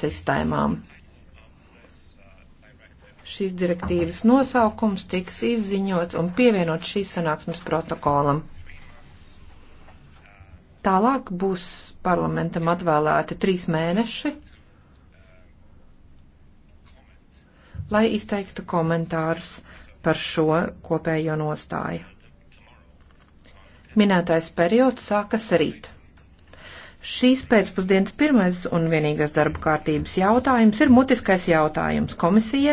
sistēmām. Šīs direktīvas nosaukums tiks izziņots un pievienots šīs sanāksmes protokolam. Tālāk būs parlamentam atvēlēti trīs mēneši, lai izteiktu komentārus par šo kopējo nostāju. Minētais periods sākas rīt. Šīs pēcpusdienas pirmais un vienīgais darba kārtības jautājums ir mutiskais jautājums komisijai